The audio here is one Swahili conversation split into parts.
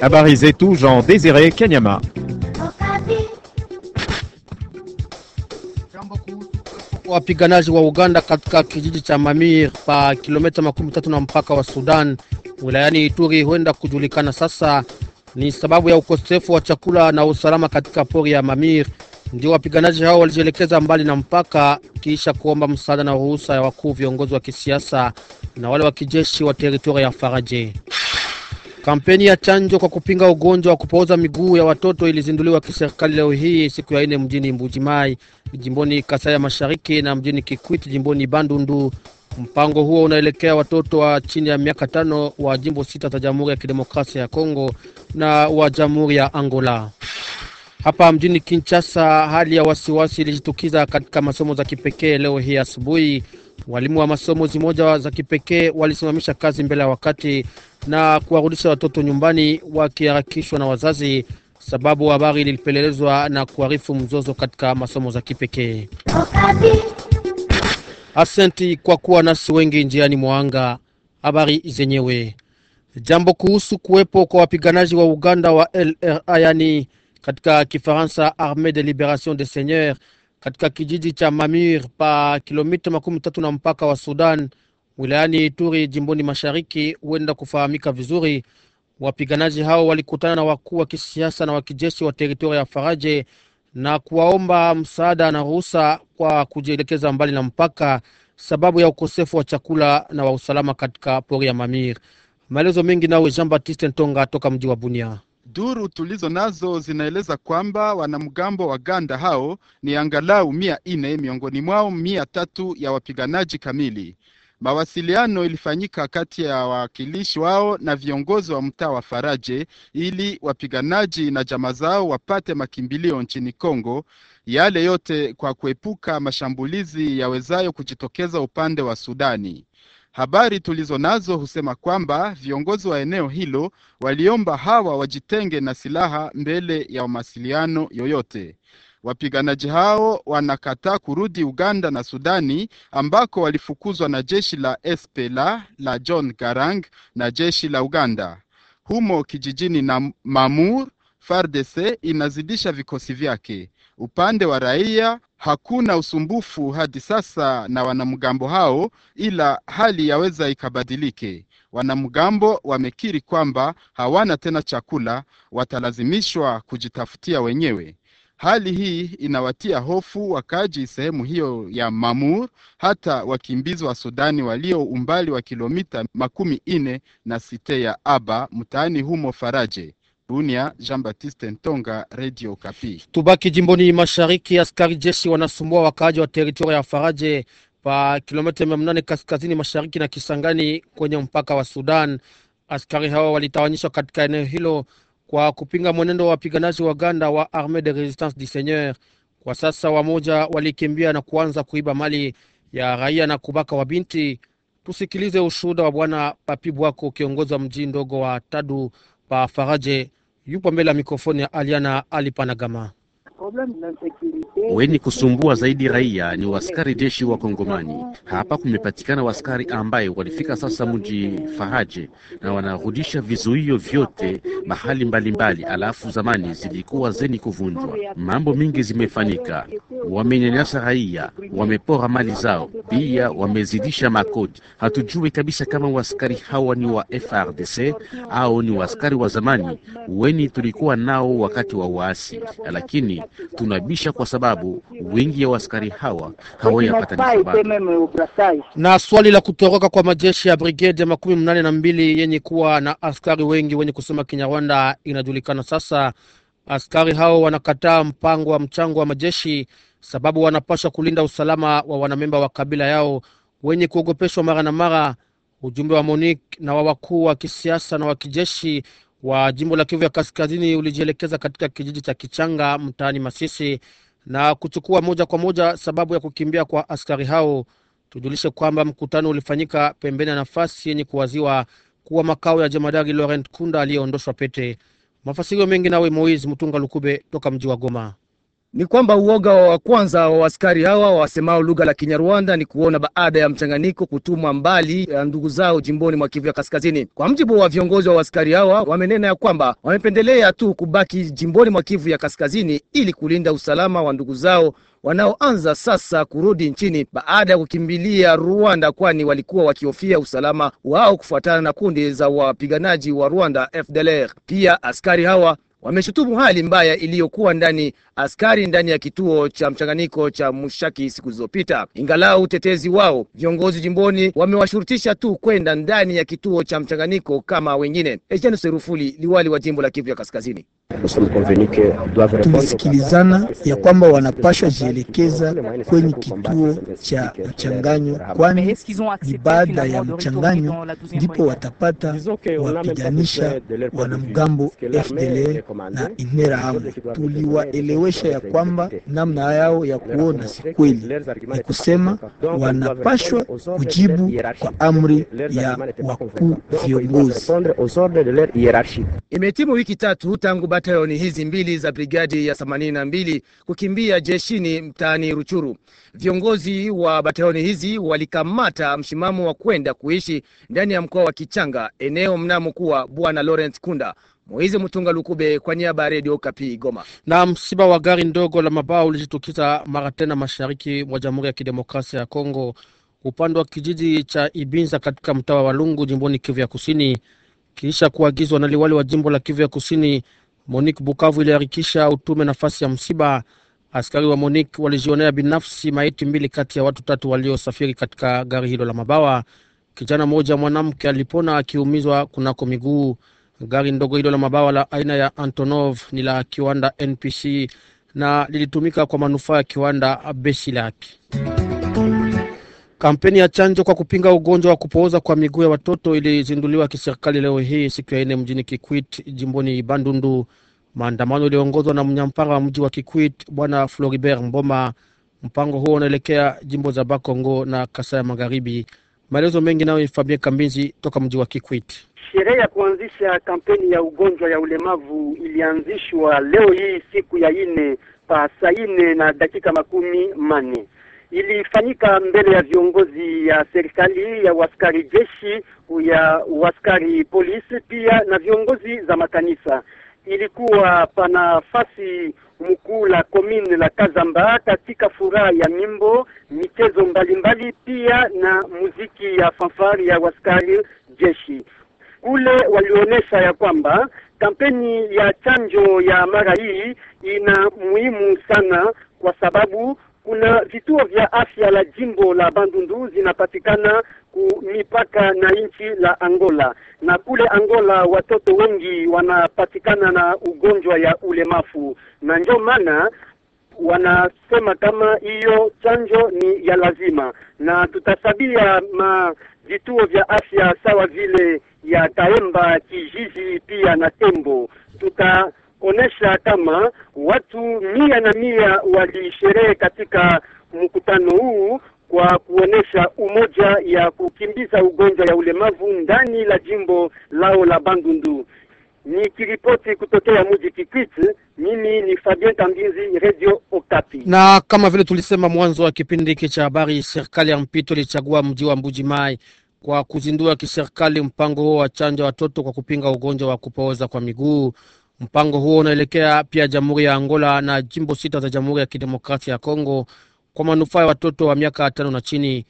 Cabaret Zetou, Jean-Désiré Kanyama. Wapiganaji wa Uganda katika kijiji cha Mamir pa kilomita makumi tatu na mpaka wa Sudan wilayani Ituri huenda kujulikana sasa, ni sababu ya ukosefu wa chakula na usalama katika pori ya Mamir. Ndio wapiganaji hao walijielekeza mbali na mpaka kisha kuomba msaada na ruhusa ya wakuu viongozi wa kisiasa na wale wa kijeshi wa teritoria ya Faraje. Kampeni ya chanjo kwa kupinga ugonjwa wa kupooza miguu ya watoto ilizinduliwa kiserikali leo hii siku ya nne mjini Mbujimai jimboni Kasai ya Mashariki na mjini Kikwit jimboni Bandundu. Mpango huo unaelekea watoto wa chini ya miaka tano wa jimbo sita za Jamhuri ya Kidemokrasia ya Kongo na wa Jamhuri ya Angola. Hapa mjini Kinshasa, hali ya wasiwasi ilijitukiza katika masomo za kipekee leo hii asubuhi walimu wa masomo zimoja za kipekee walisimamisha kazi mbele ya wakati na kuwarudisha watoto nyumbani wakiharakishwa na wazazi, sababu habari lilipelelezwa na kuharifu mzozo katika masomo za kipekee. Asenti kwa kuwa nasi wengi njiani mwanga Habari zenyewe jambo kuhusu kuwepo kwa wapiganaji wa Uganda wa LRA yani katika Kifaransa Armee de Liberation de Seigneur katika kijiji cha Mamir pa kilomita makumi tatu na mpaka wa Sudan wilayani Ituri jimboni mashariki huenda kufahamika vizuri. Wapiganaji hao walikutana na wakuu wa kisiasa na wa kijeshi wa teritoria ya Faraje na kuwaomba msaada na ruhusa kwa kujielekeza mbali na mpaka sababu ya ukosefu wa chakula na wa usalama katika pori ya Mamir. Maelezo mengi nawe Jean Baptiste Ntonga toka mji wa Bunia. Duru tulizo nazo zinaeleza kwamba wanamgambo wa Ganda hao ni angalau mia nne, miongoni mwao mia tatu ya wapiganaji kamili. Mawasiliano ilifanyika kati ya wawakilishi wao na viongozi wa mtaa wa Faraje ili wapiganaji na jamaa zao wapate makimbilio nchini Kongo, yale yote kwa kuepuka mashambulizi yawezayo kujitokeza upande wa Sudani. Habari tulizo nazo husema kwamba viongozi wa eneo hilo waliomba hawa wajitenge na silaha mbele ya mawasiliano yoyote. Wapiganaji hao wanakataa kurudi Uganda na Sudani ambako walifukuzwa na jeshi la SPLA la John Garang na jeshi la Uganda. Humo kijijini na Mamur, FARDC inazidisha vikosi vyake. Upande wa raia hakuna usumbufu hadi sasa na wanamgambo hao, ila hali yaweza ikabadilike. Wanamgambo wamekiri kwamba hawana tena chakula, watalazimishwa kujitafutia wenyewe. Hali hii inawatia hofu wakaji sehemu hiyo ya Mamur, hata wakimbizi wa Sudani walio umbali wa kilomita makumi na site ya Aba mtaani humo Faraje. Bunia, Jean-Baptiste Ntonga, Radio Kapi. Tubaki jimboni mashariki, askari jeshi wanasumbua wakaaji wa teritoria ya Faraje pa kilomita 8 kaskazini mashariki na Kisangani kwenye mpaka wa Sudan. Askari hao walitawanyishwa katika eneo hilo kwa kupinga mwenendo wa wapiganaji wa Uganda wa Armee de Resistance du Seigneur. Kwa sasa wamoja walikimbia na kuanza kuiba mali ya raia na kubaka wabinti. Tusikilize ushuhuda wa Bwana Papibu wako kiongozi wa mji ndogo wa Tadu pa Faraje yupo mbele ya mikrofoni ya Aliana Alipanagama. Weni kusumbua zaidi raia ni waskari jeshi wa Kongomani. Hapa kumepatikana waskari ambaye walifika sasa mji Fahaje na wanarudisha vizuio vyote mahali mbalimbali, alafu zamani zilikuwa zeni kuvunjwa. Mambo mingi zimefanyika, wamenyanyasa raia, wamepora mali zao, pia wamezidisha makoti. Hatujui kabisa kama waskari hawa ni wa FRDC au ni waskari wa zamani weni tulikuwa nao wakati wa waasi, lakini tunabisha kwa sababu wengi ya waskari hawa hawayapatanisha. Na swali la kutoroka kwa majeshi ya brigade ya makumi mnane na mbili yenye kuwa na askari wengi wenye kusema Kinyarwanda inajulikana sasa. Askari hao wanakataa mpango wa mchango wa majeshi sababu wanapaswa kulinda usalama wa wanamemba wa kabila yao wenye kuogopeshwa mara na mara. Ujumbe wa MONUC na wa wakuu wa kisiasa na wa kijeshi wa jimbo la Kivu ya Kaskazini ulijielekeza katika kijiji cha Kichanga mtaani Masisi na kuchukua moja kwa moja sababu ya kukimbia kwa askari hao. Tujulishe kwamba mkutano ulifanyika pembeni ya nafasi yenye kuwaziwa kuwa makao ya jemadari Laurent Kunda aliyeondoshwa pete. Mafasirio mengi nawe Moise Mutunga Lukube toka mji wa Goma ni kwamba uoga wa kwanza wa askari hawa wasemao lugha la Kinyarwanda ni kuona baada ya mchanganyiko kutumwa mbali ya ndugu zao jimboni mwa Kivu ya Kaskazini. Kwa mjibu wa viongozi wa askari hawa, wamenena ya kwamba wamependelea tu kubaki jimboni mwa Kivu ya Kaskazini ili kulinda usalama wa ndugu zao wanaoanza sasa kurudi nchini baada ya kukimbilia Rwanda, kwani walikuwa wakihofia usalama wao kufuatana na kundi za wapiganaji wa Rwanda FDLR. Pia askari hawa wameshutumu hali mbaya iliyokuwa ndani askari ndani ya kituo cha mchanganyiko cha Mushaki siku zilizopita. Ingalau utetezi wao, viongozi jimboni wamewashurutisha tu kwenda ndani ya kituo cha mchanganyiko kama wengine. Ejeno Serufuli, liwali wa jimbo la Kivu ya Kaskazini: tulisikilizana ya kwamba wanapasha jielekeza kwenye kituo cha mchanganyo, kwani ni baada ya mchanganyo ndipo watapata wapiganisha wanamgambo FDLR e na Interahamwe. Tuliwaelewesha ya kwamba namna yao ya kuona si kweli, ni kusema wanapashwa kujibu kwa amri ya wakuu viongozi. Imetimu wiki tatu tangu batalioni hizi mbili za brigadi ya 82 kukimbia jeshini mtaani Ruchuru. Viongozi wa batalioni hizi walikamata msimamo wa kwenda kuishi ndani ya mkoa wa Kichanga, eneo mnamo kuwa Bwana Lawrence Kunda Moizi Mutunga Lukube kwa niaba ya Redio Kapi Goma. Na msiba wa gari ndogo la mabao ulijitukiza mara tena mashariki mwa Jamhuri ya Kidemokrasia ya Kongo upande wa kijiji cha Ibinza katika mtaa wa Walungu jimboni Kivu ya Kusini. Kisha kuagizwa na liwali wa jimbo la Kivu ya Kusini, Monique Bukavu iliharikisha utume nafasi ya msiba. Askari wa Monique walijionea binafsi maiti mbili kati ya watu tatu waliosafiri katika gari hilo la mabawa. Kijana mmoja mwanamke alipona akiumizwa kunako miguu. Gari ndogo hilo la mabawa la aina ya Antonov ni la kiwanda NPC na lilitumika kwa manufaa ya kiwanda Besilak. Kampeni ya chanjo kwa kupinga ugonjwa wa kupooza kwa miguu ya watoto ilizinduliwa kiserikali leo hii siku ya nne mjini Kikwit, jimboni Bandundu. Maandamano iliongozwa na mnyampara wa mji wa Kikwit, Bwana Floribert Mboma. Mpango huo unaelekea jimbo za Bakongo na Kasai Magharibi. Maelezo mengi nayo Fabien Kambinzi toka mji wa Kikwit. Sherehe ya kuanzisha kampeni ya ugonjwa ya ulemavu ilianzishwa leo hii siku ya ine pa saa nne na dakika makumi mane ilifanyika mbele ya viongozi ya serikali ya waskari jeshi ya waskari polisi pia na viongozi za makanisa. Ilikuwa pana mkuu la komine la Kazamba katika furaha ya mimbo, michezo mbalimbali, pia na muziki ya fanfari ya waskari jeshi ule walionyesha ya kwamba kampeni ya chanjo ya mara hii ina muhimu sana, kwa sababu kuna vituo vya afya la jimbo la Bandundu zinapatikana ku mipaka na nchi la Angola, na kule Angola watoto wengi wanapatikana na ugonjwa ya ulemafu na ndio maana wanasema kama hiyo chanjo ni ya lazima, na tutasabia ma vituo vya afya sawa vile ya Kaemba, Kijiji pia na Tembo. Tutaonesha kama watu mia na mia walisherehe katika mkutano huu kwa kuonesha umoja ya kukimbiza ugonjwa ya ulemavu ndani la jimbo lao la Bandundu. ni kiripoti kutokea mji Kikwit, mimi ni Fabien Tambinzi, Radio Okapi. Na kama vile tulisema mwanzo wa kipindi hiki cha habari, serikali ya mpito ilichagua mji wa Mbuji Mai kwa kuzindua kiserikali mpango huo wa chanjo watoto kwa kupinga ugonjwa wa kupooza kwa miguu. Mpango huo unaelekea pia Jamhuri ya Angola na jimbo sita za Jamhuri ya Kidemokrasia ya Kongo kwa manufaa ya watoto wa miaka tano na chini.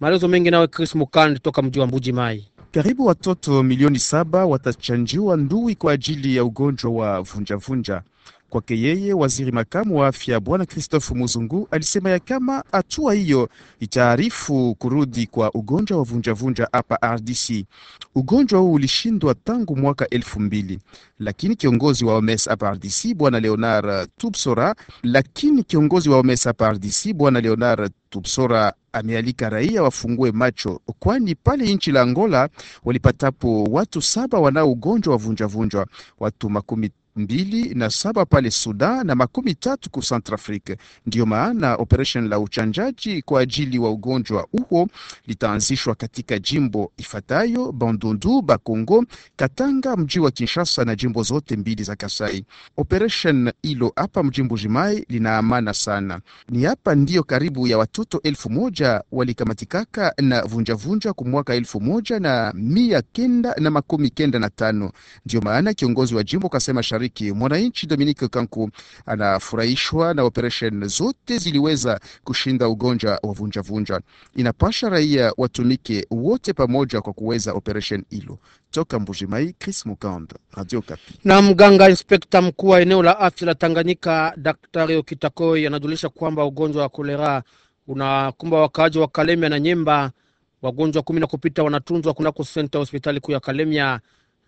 Maelezo mengi nawe Chris Mukand toka mji wa Mbuji Mai. Karibu watoto milioni saba watachanjiwa ndui kwa ajili ya ugonjwa wa vunjavunja vunja. Kwake yeye, waziri makamu wa afya Bwana Christophe Muzungu alisema ya kama hatua hiyo itaarifu kurudi kwa ugonjwa wa vunjavunja hapa vunja RDC. Ugonjwa huu ulishindwa tangu mwaka elfu mbili, lakini kiongozi wa OMS hapa RDC Bwana Leonard Tubsora, lakini kiongozi wa OMS hapa RDC Bwana Leonard Tubsora amealika raia wafungue macho, kwani pale nchi la Angola walipatapo watu saba wanao ugonjwa wa vunjavunjwa, watu makumi mbili na saba pale Sudan na makumi tatu ku Centrafrique. Ndiyo maana operation la uchanjaji kwa ajili wa ugonjwa huo litaanzishwa katika jimbo ifatayo Bandundu, Bakongo, Katanga, mji wa Kinshasa na jimbo zote mbili za Kasai. Operation hilo hapa mjimbo Jimai amana sana, ni hapa ndiyo karibu ya watoto elfu moja walikamatikaka na vunjavunja ku mwaka elfu moja na mia kenda na makumi kenda na tano. Ndiyo maana kiongozi wa jimbo kasema Mashariki. Mwananchi Dominique Kanku anafurahishwa na operesheni zote ziliweza kushinda ugonjwa wa vunjavunja. Inapasha raia watumike wote pamoja kwa kuweza operesheni hilo. Toka Mbujimai, Chris Mukand, Radio Kapi. Na mganga inspekta mkuu wa eneo la afya la Tanganyika, Daktari Okitakoi anajulisha kwamba ugonjwa wa kolera unakumba wakaaji wa Kalemia na Nyemba. Wagonjwa kumi na kupita wanatunzwa kunako senta hospitali kuu ya Kalemia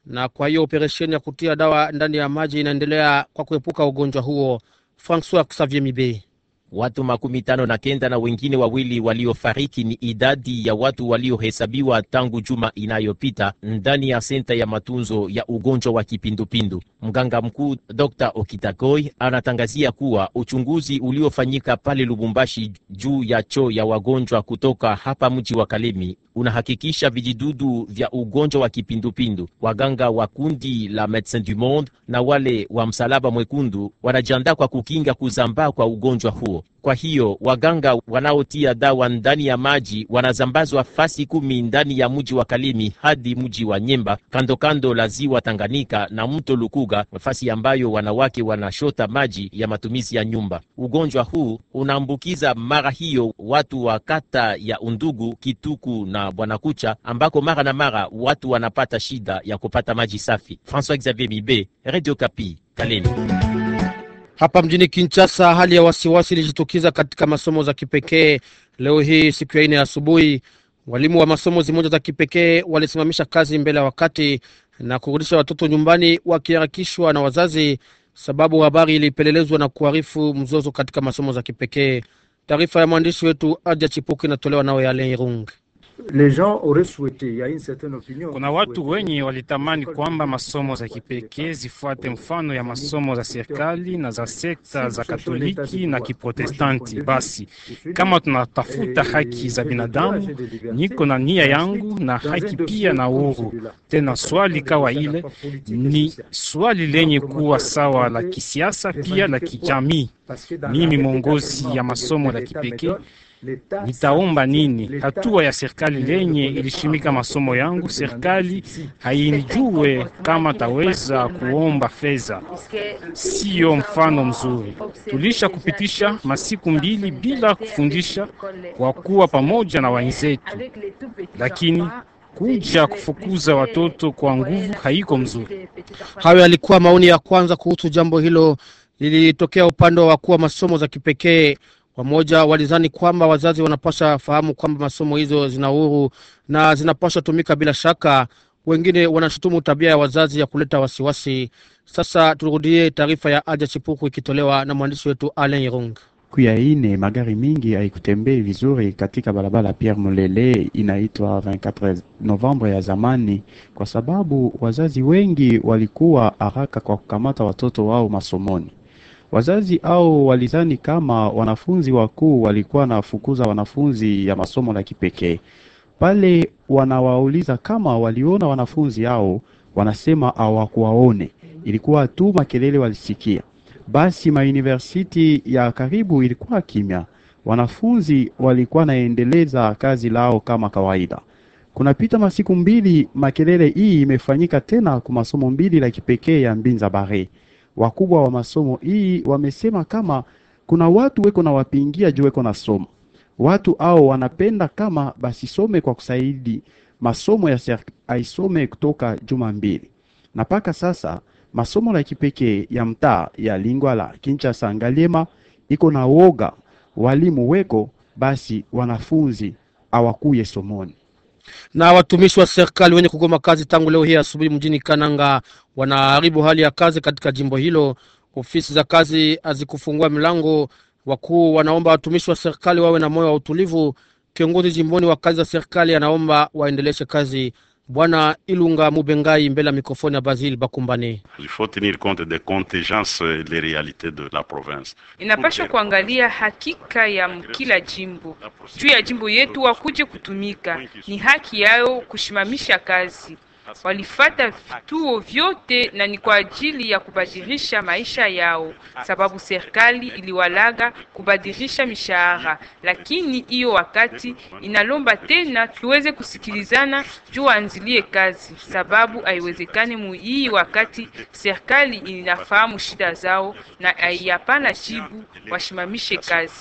na kwa hiyo operesheni ya kutia dawa ndani ya maji inaendelea kwa kuepuka ugonjwa huo. Francois Xavier Mibe watu makumi tano na kenda na wengine wawili waliofariki ni idadi ya watu waliohesabiwa tangu juma inayopita ndani ya senta ya matunzo ya ugonjwa wa kipindupindu. Mganga mkuu Dr. Okitakoi anatangazia kuwa uchunguzi uliofanyika pale Lubumbashi juu ya choo ya wagonjwa kutoka hapa mji wa Kalemi unahakikisha vijidudu vya ugonjwa wa kipindupindu. Waganga wa kundi la Medecin du Monde na wale wa Msalaba Mwekundu wanajiandaa kwa kukinga kuzambaa kwa ugonjwa huo. Kwa hiyo waganga wanaotia dawa ndani ya maji wanazambazwa fasi kumi ndani ya mji wa Kalemi hadi mji wa Nyemba kando kando la ziwa Tanganyika na mto Lukuga, fasi ambayo wanawake wanashota maji ya matumizi ya nyumba. Ugonjwa huu unaambukiza mara hiyo watu wa kata ya Undugu, Kituku na Bwanakucha ambako mara na mara watu wanapata shida ya kupata maji safi. François Xavier Mibe, Radio Kapi, Kalemi. Hapa mjini Kinshasa, hali ya wasiwasi ilijitokeza katika masomo za kipekee leo hii, siku ya nne ya asubuhi. Walimu wa masomo zimoja za kipekee walisimamisha kazi mbele ya wakati na kurudisha watoto nyumbani wakiharakishwa na wazazi, sababu habari ilipelelezwa na kuharifu mzozo katika masomo za kipekee. Taarifa ya mwandishi wetu Aja Chipuki inatolewa nao Yalen Irung. Kuna watu wenye walitamani kwamba masomo za kipekee zifuate mfano ya masomo za serikali na za sekta za Katoliki na Kiprotestanti. Basi kama tunatafuta haki za binadamu, niko na nia yangu na haki pia na uhuru. Tena swali kawa ile ni swali lenye kuwa sawa la kisiasa pia la kijamii. Mimi mwongozi ya masomo la kipekee nitaomba nini? Hatua ya serikali lenye ilishimika masomo yangu, serikali hainijue kama taweza kuomba fedha, siyo mfano mzuri. Tulisha kupitisha masiku mbili bila kufundisha kwa kuwa pamoja na wenzetu, lakini kuja kufukuza watoto kwa nguvu haiko mzuri. Hayo yalikuwa maoni ya kwanza kuhusu jambo hilo lilitokea upande wa wakuu wa masomo za kipekee Wamoja walizani kwamba wazazi wanapasha fahamu kwamba masomo hizo zina uhuru na zinapasha tumika bila shaka. Wengine wanashutumu tabia ya wazazi ya kuleta wasiwasi. Sasa turudie taarifa ya Aja Chipuku ikitolewa na mwandishi wetu Alain Irung. kuyaine ine magari mingi haikutembei vizuri katika barabara Pierre Mulele inaitwa 24 Novembre ya zamani, kwa sababu wazazi wengi walikuwa haraka kwa kukamata watoto wao masomoni. Wazazi au walizani kama wanafunzi wakuu walikuwa nafukuza wanafunzi ya masomo la kipekee. Pale wanawauliza kama waliona wanafunzi hao, wanasema hawakuwaone, ilikuwa tu makelele walisikia. Basi mauniversiti ya karibu ilikuwa kimya, wanafunzi walikuwa naendeleza kazi lao kama kawaida. Kunapita masiku mbili, makelele hii imefanyika tena kwa masomo mbili la kipekee ya Mbinza Bare wakubwa wa masomo hii wamesema kama kuna watu weko na wapingia juu weko na somo, watu ao wanapenda kama basisome kwa kusaidi masomo ya aisome kutoka juma mbili na paka sasa masomo la kipekee ya mtaa ya lingwa la Ngaliema iko na woga, walimu weko basi wanafunzi awakuye somoni. Na watumishi wa serikali wenye kugoma kazi tangu leo hii asubuhi mjini Kananga wanaharibu hali ya kazi katika jimbo hilo. Ofisi za kazi hazikufungua milango. Wakuu wanaomba watumishi wa serikali wawe na moyo wa utulivu. Kiongozi jimboni wa kazi za serikali anaomba waendeleshe kazi. Bwana Ilunga Mubengai mbele ya mikrofoni ya Basil Bakumbani. Il tenir realités de la province. kuangalia hakika ya kila jimbo juu ya jimbo yetu, wakuje kutumika, ni haki yao kushimamisha kazi walifata vituo vyote na ni kwa ajili ya kubadilisha maisha yao, sababu serikali iliwalaga kubadilisha mishahara. Lakini hiyo wakati inalomba tena tuweze kusikilizana juu anzilie kazi, sababu haiwezekani muhii wakati serikali inafahamu shida zao na haiyapana jibu, washimamishe kazi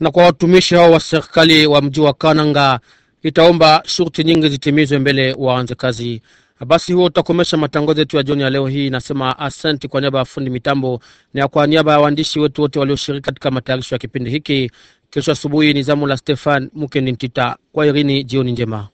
na kwa watumishi hao wa serikali wa mji wa Kananga itaomba shurti nyingi zitimizwe mbele waanze kazi. Basi huo utakomesha matangazo yetu ya jioni ya leo hii. Nasema asante kwa niaba ya fundi mitambo na kwa niaba ya waandishi wetu wote walioshiriki katika matayarisho ya kipindi hiki. Kesho asubuhi ni zamu la Stefan Mukendi Ntita. Kwa irini, jioni njema.